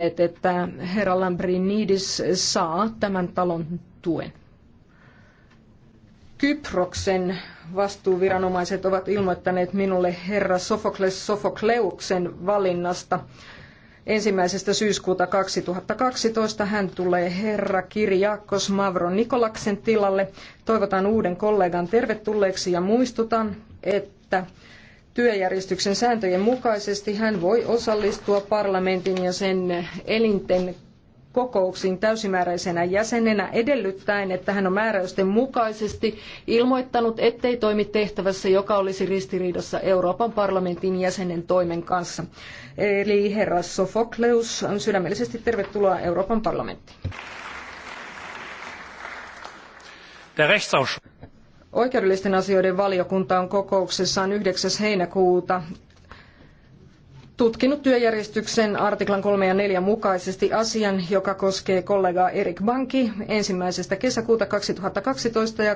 että herra Lambrinidis saa tämän talon tuen. Kyproksen vastuuviranomaiset ovat ilmoittaneet minulle herra Sofokles Sofokleuksen valinnasta. Ensimmäisestä syyskuuta 2012 hän tulee herra Kirjakos Mavro Nikolaksen tilalle. Toivotan uuden kollegan tervetulleeksi ja muistutan, että työjärjestyksen sääntöjen mukaisesti hän voi osallistua parlamentin ja sen elinten kokouksiin täysimääräisenä jäsenenä edellyttäen, että hän on määräysten mukaisesti ilmoittanut, ettei toimi tehtävässä, joka olisi ristiriidassa Euroopan parlamentin jäsenen toimen kanssa. Eli herra Sofokleus, on sydämellisesti tervetuloa Euroopan parlamenttiin. Oikeudellisten asioiden valiokunta on kokouksessaan 9. heinäkuuta tutkinut työjärjestyksen artiklan 3 ja 4 mukaisesti asian, joka koskee kollegaa Erik Banki ensimmäisestä kesäkuuta 2012 ja